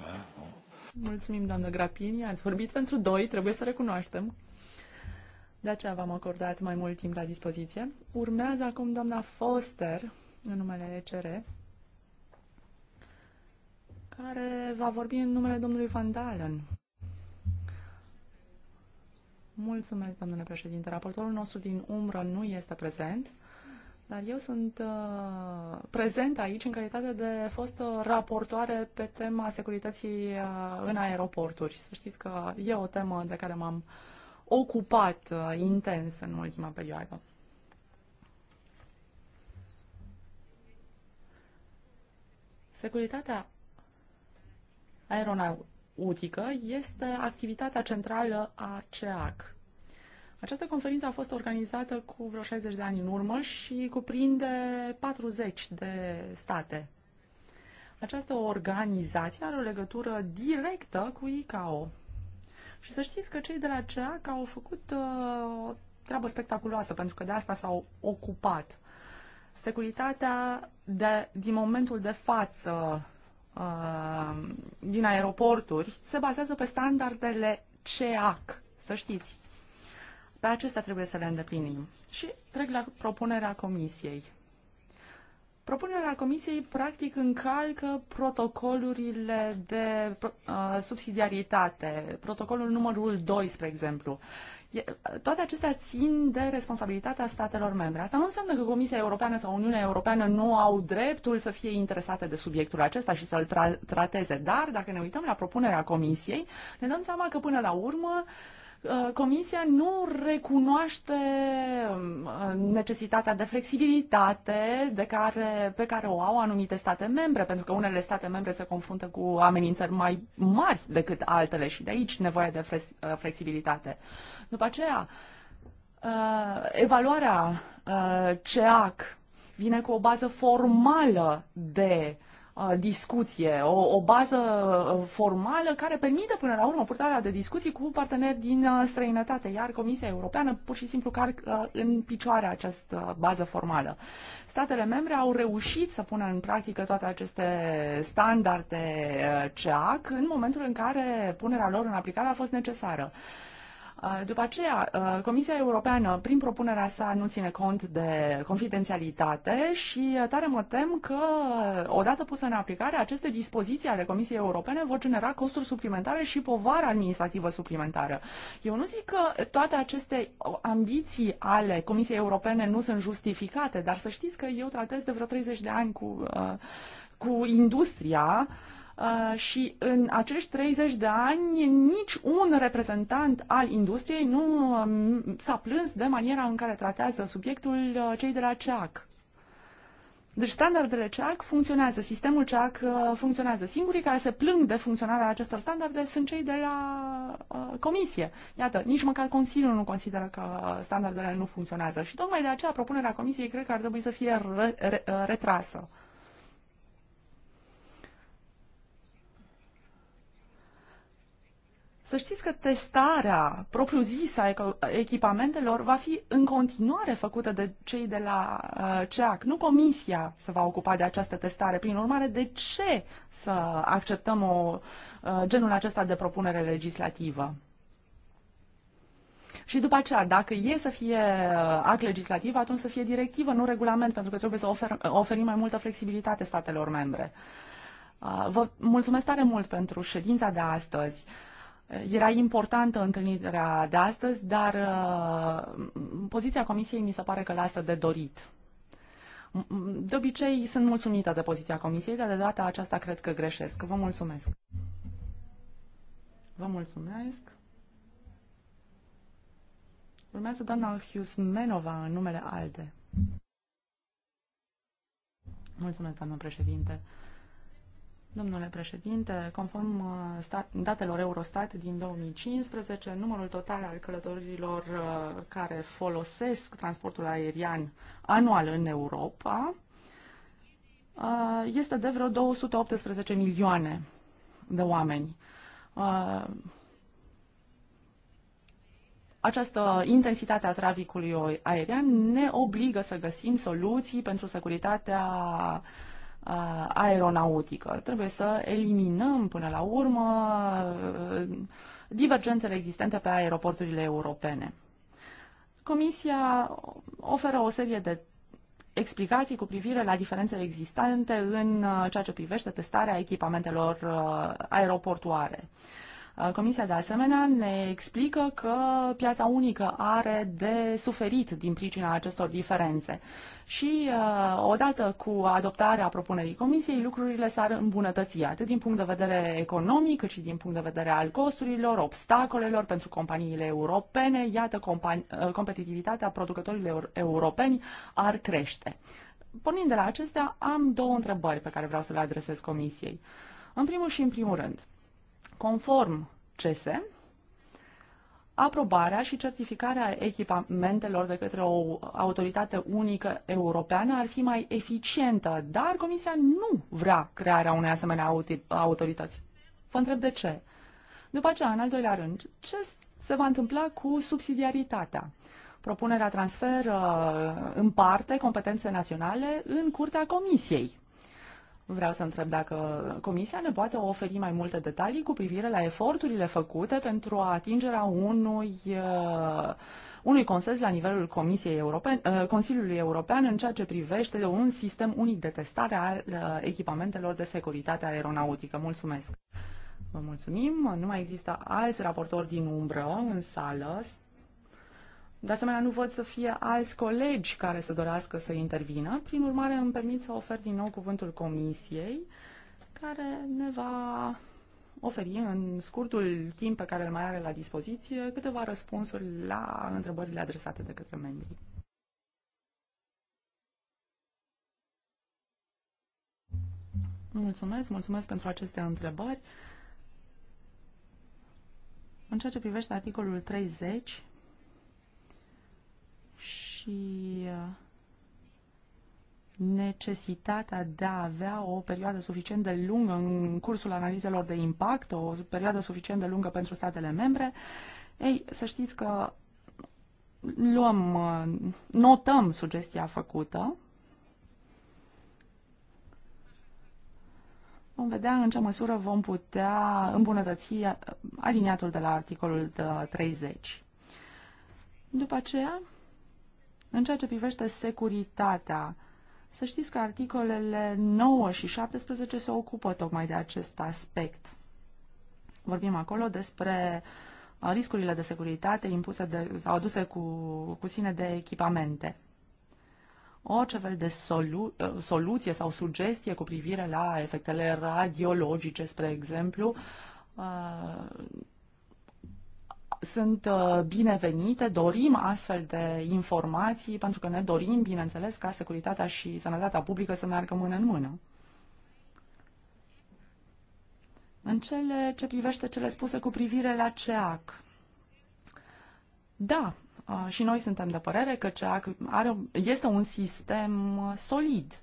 Ah, Mulțumim, doamnă Grapini. Ați vorbit pentru doi, trebuie să recunoaștem. De aceea v-am acordat mai mult timp la dispoziție. Urmează acum doamna Foster, în numele ECR, care va vorbi în numele domnului Van Dalen. Mulțumesc, domnule președinte. Raportorul nostru din umbră nu este prezent. Dar eu sunt uh, prezent aici în calitate de fostă raportoare pe tema securității uh, în aeroporturi. Să știți că e o temă de care m-am ocupat uh, intens în ultima perioadă. Securitatea aeronautică este activitatea centrală a CEAC. Această conferință a fost organizată cu vreo 60 de ani în urmă și cuprinde 40 de state. Această organizație are o legătură directă cu ICAO. Și să știți că cei de la CEAC au făcut uh, o treabă spectaculoasă, pentru că de asta s-au ocupat. Securitatea de, din momentul de față uh, din aeroporturi se bazează pe standardele CEAC, să știți. Pe acestea trebuie să le îndeplinim. Și trec la propunerea comisiei. Propunerea comisiei practic încalcă protocolurile de uh, subsidiaritate, protocolul numărul 2, spre exemplu. E, toate acestea țin de responsabilitatea statelor membre. Asta nu înseamnă că Comisia Europeană sau Uniunea Europeană nu au dreptul să fie interesate de subiectul acesta și să-l tra- trateze, dar dacă ne uităm la propunerea Comisiei, ne dăm seama că până la urmă uh, Uh, comisia nu recunoaște um, uh, necesitatea de flexibilitate de care, pe care o au anumite state membre, pentru că unele state membre se confruntă cu amenințări mai mari decât altele și de aici nevoia de uh, flexibilitate. După aceea, evaluarea CEAC vine cu o bază formală de uh, discuție, o, o bază formală care permite până la urmă purtarea de discuții cu parteneri din străinătate, iar Comisia Europeană pur și simplu car în picioare această bază formală. Statele membre au reușit să pună în practică toate aceste standarde CEAC în momentul în care punerea lor în aplicare a fost necesară. Uh, după aceea, uh, Comisia Europeană, prin propunerea sa, nu ține cont de confidențialitate și uh, tare mă tem că, odată pusă în aplicare, aceste dispoziții ale Comisiei Europene vor genera costuri suplimentare și povară administrativă suplimentară. Eu nu zic că toate aceste ambiții ale Comisiei Europene nu sunt justificate, dar să știți că eu tratez de vreo 30 de ani cu, cu industria uh, Uh, și în acești 30 de ani nici un reprezentant al industriei nu um, s-a plâns de maniera în care tratează subiectul uh, cei de la CEAC. Deci standardele CEAC funcționează, sistemul CEAC uh, funcționează. Singurii care se plâng de funcționarea acestor standarde sunt cei de la uh, comisie. Iată, nici măcar Consiliul nu consideră că standardele nu funcționează și tocmai de aceea propunerea comisiei cred că ar trebui să fie re- re- retrasă. Să știți că testarea propriu-zisă a echipamentelor va fi în continuare făcută de cei de la uh, CEAC. Nu comisia se va ocupa de această testare. Prin urmare, de ce să acceptăm o, uh, genul acesta de propunere legislativă? Și după aceea, dacă e să fie uh, act legislativ, atunci să fie directivă, nu regulament, pentru că trebuie să ofer, oferim mai multă flexibilitate statelor membre. Vă mulțumesc tare mult pentru ședința de astăzi. Era importantă întâlnirea de astăzi, dar uh, poziția Comisiei mi se pare că lasă de dorit. De obicei sunt mulțumită de poziția Comisiei, dar de data aceasta cred că greșesc. Vă mulțumesc. Vă mulțumesc. Urmează doamna Hughes-Menova în numele ALDE. Mulțumesc, doamnă președinte. Domnule președinte, conform uh, datelor Eurostat din 2015, numărul total al călătorilor uh, care folosesc transportul aerian anual în Europa uh, este de vreo 218 milioane de oameni. Această intensitate a traficului aerian ne obligă să găsim soluții pentru securitatea uh, Uh, aeronautică. Trebuie să eliminăm până la urmă uh, divergențele existente pe aeroporturile europene. Comisia oferă o serie de explicații cu privire la diferențele existente în uh, ceea ce privește testarea echipamentelor aeroportuare. Comisia, de asemenea, ne explică că piața unică are de suferit din pricina acestor diferențe. Și uh, odată cu adoptarea propunerii Comisiei, lucrurile s-ar îmbunătăți atât din punct de vedere economic, cât și din punct de vedere al costurilor, obstacolelor pentru companiile europene. Iată, competitivitatea producătorilor europeni ar crește. Pornind de la acestea, am două întrebări pe care vreau să le adresez Comisiei. În primul și în primul rând, Conform CESE, aprobarea și certificarea echipamentelor de către o autoritate unică europeană ar fi mai eficientă, dar Comisia nu vrea crearea unei asemenea autorități. Vă întreb de ce. După aceea, în al doilea rând, ce se va întâmpla cu subsidiaritatea? Propunerea transferă uh, în parte competențe naționale în curtea Comisiei. Vreau să întreb dacă Comisia ne poate oferi mai multe detalii cu privire la eforturile făcute pentru atingerea unui, uh, unui consens la nivelul Comisiei Europene, uh, Consiliului European în ceea ce privește un sistem unic de testare al uh, echipamentelor de securitate aeronautică. Mulțumesc! Vă mulțumim! Nu mai există alți raportori din umbră în sală. De asemenea, nu văd să fie alți colegi care să dorească să intervină. Prin urmare, îmi permit să ofer din nou cuvântul comisiei, care ne va oferi în scurtul timp pe care îl mai are la dispoziție câteva răspunsuri la întrebările adresate de către membrii. Mulțumesc, mulțumesc pentru aceste întrebări. În ceea ce privește articolul 30, și uh, necesitatea de a avea o perioadă suficient de lungă în cursul analizelor de impact, o perioadă suficient de lungă pentru statele membre, ei, să știți că luăm, uh, notăm sugestia făcută, vom vedea în ce măsură vom putea îmbunătăți aliniatul de la articolul 30. Uh, După aceea, în ceea ce privește securitatea, să știți că articolele 9 și 17 se ocupă tocmai de acest aspect. Vorbim acolo despre uh, riscurile de securitate impuse de, sau aduse cu, cu sine de echipamente. Orice fel de solu, uh, soluție sau sugestie cu privire la efectele radiologice, spre exemplu, uh, sunt uh, binevenite, dorim astfel de informații pentru că ne dorim, bineînțeles, ca securitatea și sănătatea publică să meargă mână în mână. În cele ce privește cele spuse cu privire la CEAC, da, uh, și noi suntem de părere că CEAC are, este un sistem solid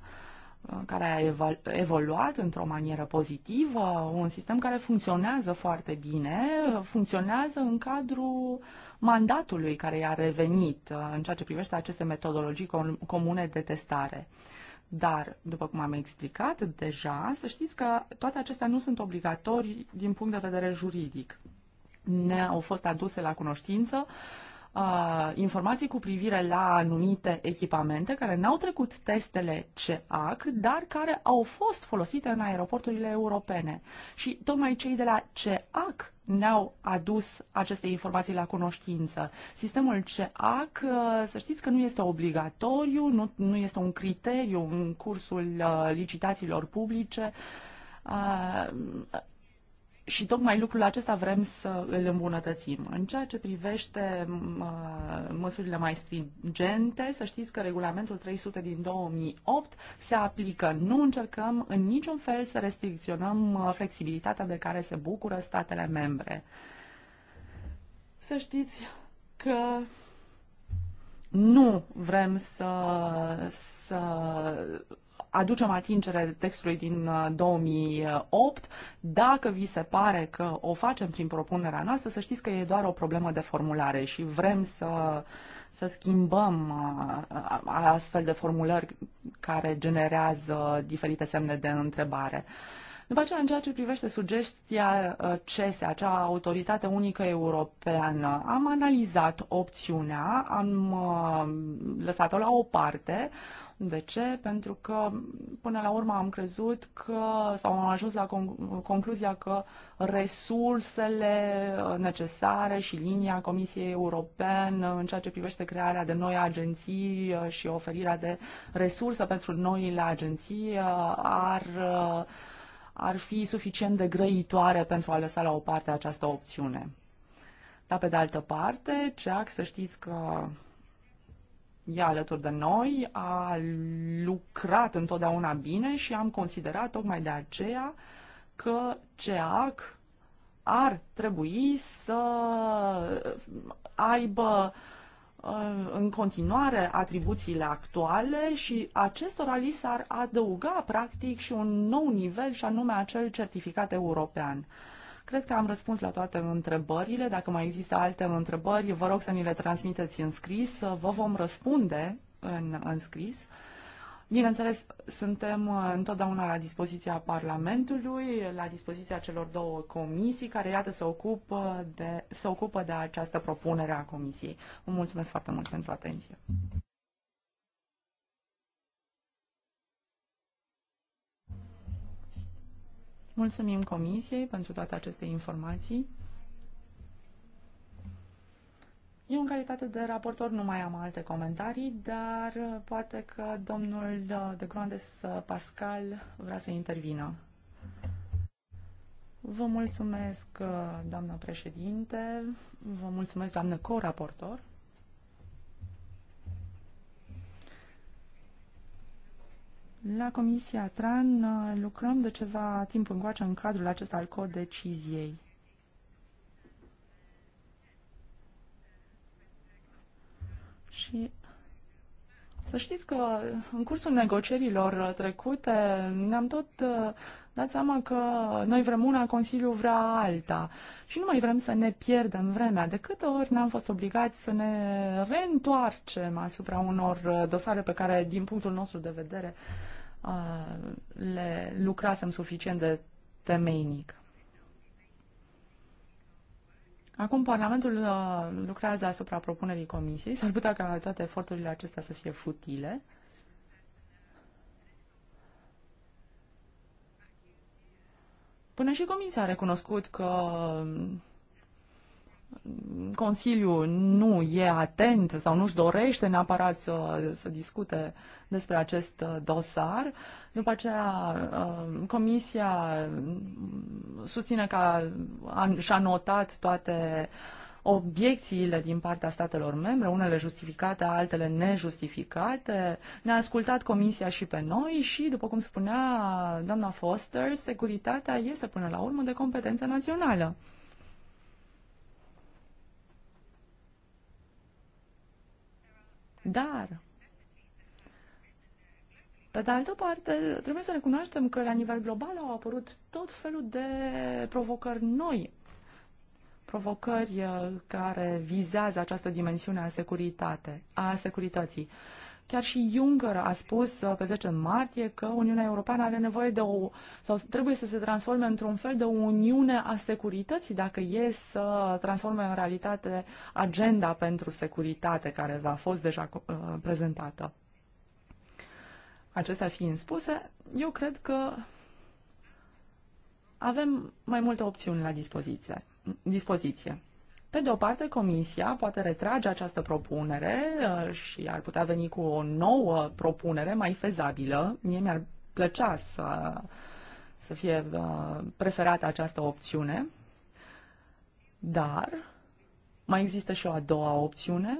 Uh, care a evoluat într-o manieră pozitivă, un sistem care funcționează foarte bine, uh, funcționează în cadrul mandatului care i-a revenit uh, în ceea ce privește aceste metodologii comune de testare. Dar, după cum am explicat deja, să știți că toate acestea nu sunt obligatorii din punct de vedere juridic. Ne au fost aduse la cunoștință uh, uh, informații cu privire la anumite echipamente care n-au trecut testele CEAC, dar care au fost folosite în aeroporturile europene. Și tocmai cei de la CEAC ne-au adus aceste informații la cunoștință. Sistemul CEAC, uh, să știți că nu este obligatoriu, nu, nu este un criteriu în cursul uh, licitațiilor publice. Uh, și tocmai lucrul acesta vrem să îl îmbunătățim. În ceea ce privește uh, măsurile mai stringente, să știți că regulamentul 300 din 2008 se aplică. Nu încercăm în niciun fel să restricționăm uh, flexibilitatea de care se bucură statele membre. Să știți că nu vrem să, să aducem atingere textului din 2008. Uh, Dacă vi se pare că o facem prin propunerea noastră, să știți că e doar o problemă de formulare și vrem să, să schimbăm uh, astfel de formulări care generează diferite semne de întrebare. După aceea, în ceea ce privește sugestia uh, CESE, acea autoritate unică europeană, am analizat opțiunea, am lăsat-o la o parte, de ce? Pentru că până la urmă am crezut că sau am ajuns la concluzia că resursele uh, necesare și linia Comisiei Europene uh, în ceea ce privește crearea de noi agenții uh, și oferirea de resurse pentru noile agenții ar ar fi suficient de grăitoare pentru a lăsa la o parte această opțiune. Dar pe de altă parte, CEAC, să știți că ea alături de noi, a lucrat întotdeauna bine și am considerat tocmai de aceea că CEAC ar trebui să aibă uh, în continuare atribuțiile actuale și acestora li s-ar adăuga practic și un nou nivel și anume acel certificat european. Cred că am răspuns la toate întrebările. Dacă mai există alte întrebări, vă rog să ni le transmiteți în scris. Vă vom răspunde în, în scris. Bineînțeles, suntem uh, întotdeauna la dispoziția Parlamentului, la dispoziția celor două comisii care, iată, se ocupă de, se ocupă de această propunere a comisiei. Vă mulțumesc foarte mult pentru atenție. Mulțumim Comisiei pentru toate aceste informații. Eu, în calitate de raportor, nu mai am alte comentarii, dar poate că domnul de Grandes Pascal vrea să intervină. Vă mulțumesc, doamnă președinte, vă mulțumesc, doamnă co-raportor. La Comisia TRAN uh, lucrăm de ceva timp încoace în cadrul acesta al codeciziei. Și să știți că în cursul negocierilor trecute ne-am tot uh, dat seama că noi vrem una, Consiliul vrea alta și nu mai vrem să ne pierdem vremea. De câte ori ne-am fost obligați să ne reîntoarcem asupra unor uh, dosare pe care, din punctul nostru de vedere, le lucrasem suficient de temeinic. Acum Parlamentul lucrează asupra propunerii Comisiei. S-ar putea ca toate eforturile acestea să fie futile. Până și Comisia a recunoscut că Consiliul nu e atent sau nu-și dorește neapărat să, să discute despre acest uh, dosar. După aceea, uh, Comisia susține că și-a notat toate obiecțiile din partea statelor membre, unele justificate, altele nejustificate. Ne-a ascultat Comisia și pe noi și, după cum spunea doamna Foster, securitatea este până la urmă de competență națională. Dar, pe de altă parte, trebuie să recunoaștem că la nivel global au apărut tot felul de provocări noi provocări uh, care vizează această dimensiune a securitate, a securității. Chiar și Juncker a spus uh, pe 10 martie că Uniunea Europeană are nevoie de o, sau trebuie să se transforme într-un fel de o uniune a securității, dacă e să transforme în realitate agenda pentru securitate care va fost deja uh, prezentată. Acestea fiind spuse, eu cred că avem mai multe opțiuni la dispoziție. dispoziție. Pe de o parte, Comisia poate retrage această propunere uh, și ar putea veni cu o nouă propunere mai fezabilă. Mie mi-ar plăcea să, să fie uh, preferată această opțiune, dar mai există și o a doua opțiune,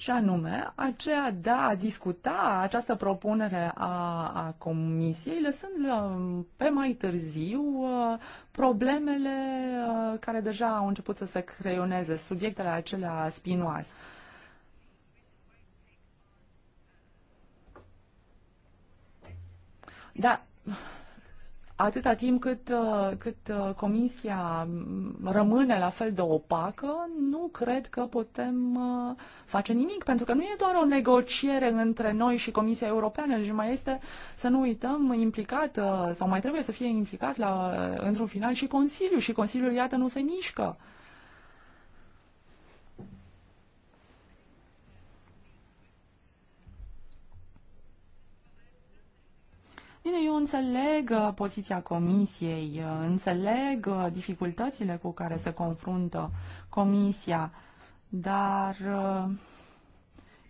și anume aceea de a discuta această propunere a, a Comisiei, lăsând pe mai târziu uh, problemele uh, care deja au început să se creioneze, subiectele acelea spinoase. Da, atâta timp cât, uh, cât uh, comisia rămâne la fel de opacă, nu cred că putem uh, face nimic, pentru că nu e doar o negociere între noi și Comisia Europeană, și mai este, să nu uităm, implicat, sau mai trebuie să fie implicat la, într-un final și Consiliu, și Consiliul, iată, nu se mișcă. Uh, Bine, eu înțeleg uh, poziția comisiei, uh, înțeleg uh, dificultățile cu care se confruntă comisia, dar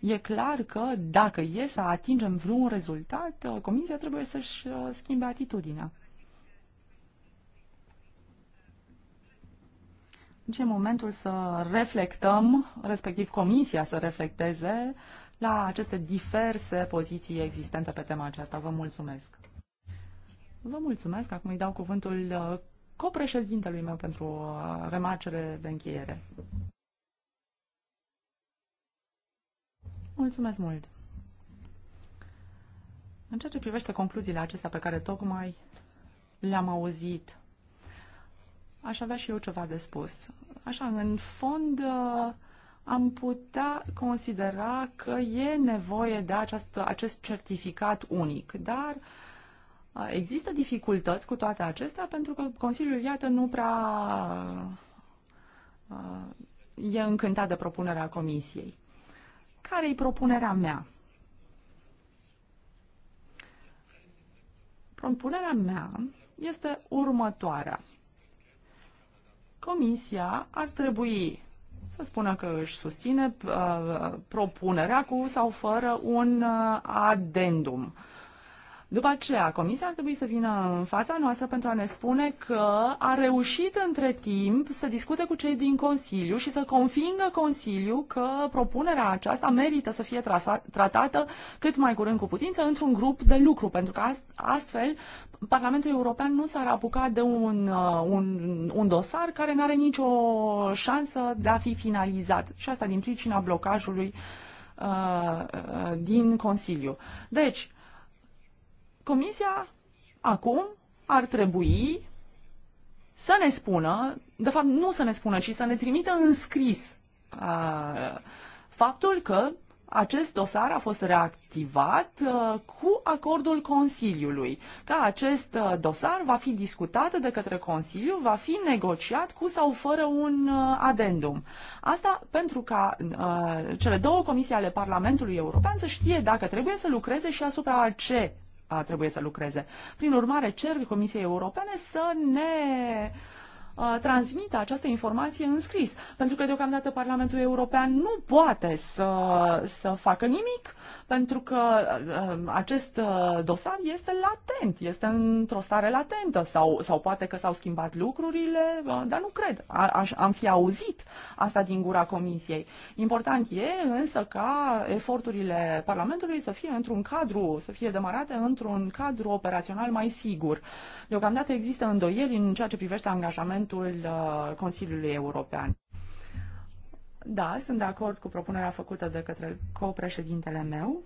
e clar că dacă e să atingem vreun rezultat, comisia trebuie să-și schimbe atitudinea. Deci e momentul să reflectăm, respectiv comisia să reflecteze la aceste diverse poziții existente pe tema aceasta. Vă mulțumesc! Vă mulțumesc! Acum îi dau cuvântul uh, copreședintelui meu pentru uh, remarcele de încheiere. Mulțumesc mult! În ceea ce privește concluziile acestea pe care tocmai le-am auzit, aș avea și eu ceva de spus. Așa, în fond, uh, am putea considera că e nevoie de această, acest certificat unic, dar există dificultăți cu toate acestea pentru că Consiliul, iată, nu prea e încântat de propunerea Comisiei. Care-i propunerea mea? Propunerea mea este următoarea. Comisia ar trebui să spună că își susține uh, propunerea cu sau fără un uh, adendum. După aceea, Comisia ar trebui să vină în fața noastră pentru a ne spune că a reușit între timp să discute cu cei din Consiliu și să convingă Consiliu că propunerea aceasta merită să fie trasa, tratată cât mai curând cu putință într-un grup de lucru, pentru că astfel Parlamentul European nu s-ar apuca de un, uh, un, un dosar care nu are nicio șansă de a fi finalizat. Și asta din pricina blocajului uh, uh din Consiliu. Deci, Comisia acum ar trebui să ne spună, de fapt nu să ne spună, ci să ne trimită în scris a, faptul că acest dosar a fost reactivat a, cu acordul Consiliului, că acest a, dosar va fi discutat de către Consiliu, va fi negociat cu sau fără un a, adendum. Asta pentru ca cele două comisii ale Parlamentului European să știe dacă trebuie să lucreze și asupra ce a, trebuie să lucreze. Prin urmare, cer Comisiei Europene să ne transmită această informație în scris, pentru că deocamdată Parlamentul European nu poate să, să facă nimic pentru că um, acest uh, dosar este latent, este într-o stare latentă sau, sau poate că s-au schimbat lucrurile, uh, dar nu cred. A, am fi auzit asta din gura Comisiei. Important e însă ca eforturile Parlamentului să fie într-un cadru, să fie demarate într-un cadru operațional mai sigur. Deocamdată există îndoieli în ceea ce privește angajamentul uh, Consiliului European. Da, sunt de acord cu propunerea făcută de către copreședintele meu.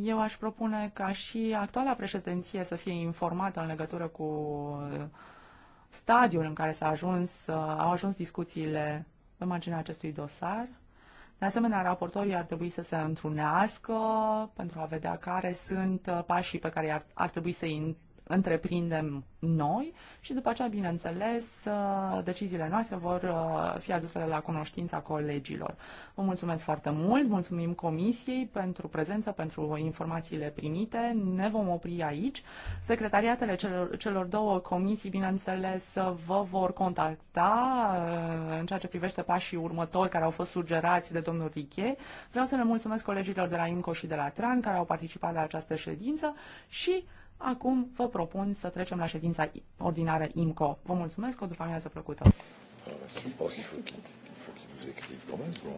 Eu aș propune ca și actuala președinție să fie informată în legătură cu stadiul în care s-a ajuns, uh, au ajuns discuțiile pe marginea acestui dosar. De asemenea, raportorii ar trebui să se întrunească pentru a vedea care sunt uh, pașii pe care ar, ar trebui să-i întreprindem noi și după aceea, bineînțeles, uh, deciziile noastre vor uh, fi aduse la cunoștința colegilor. Vă mulțumesc foarte mult, mulțumim Comisiei pentru prezență, pentru informațiile primite. Ne vom opri aici. Secretariatele celor, celor două comisii, bineînțeles, vă vor contacta uh, în ceea ce privește pașii următori care au fost sugerați de domnul Riche. Vreau să le mulțumesc colegilor de la INCO și de la TRAN care au participat la această ședință și Acum vă propun să trecem la ședința ordinară IMCO. Vă mulțumesc, o după amiază plăcută!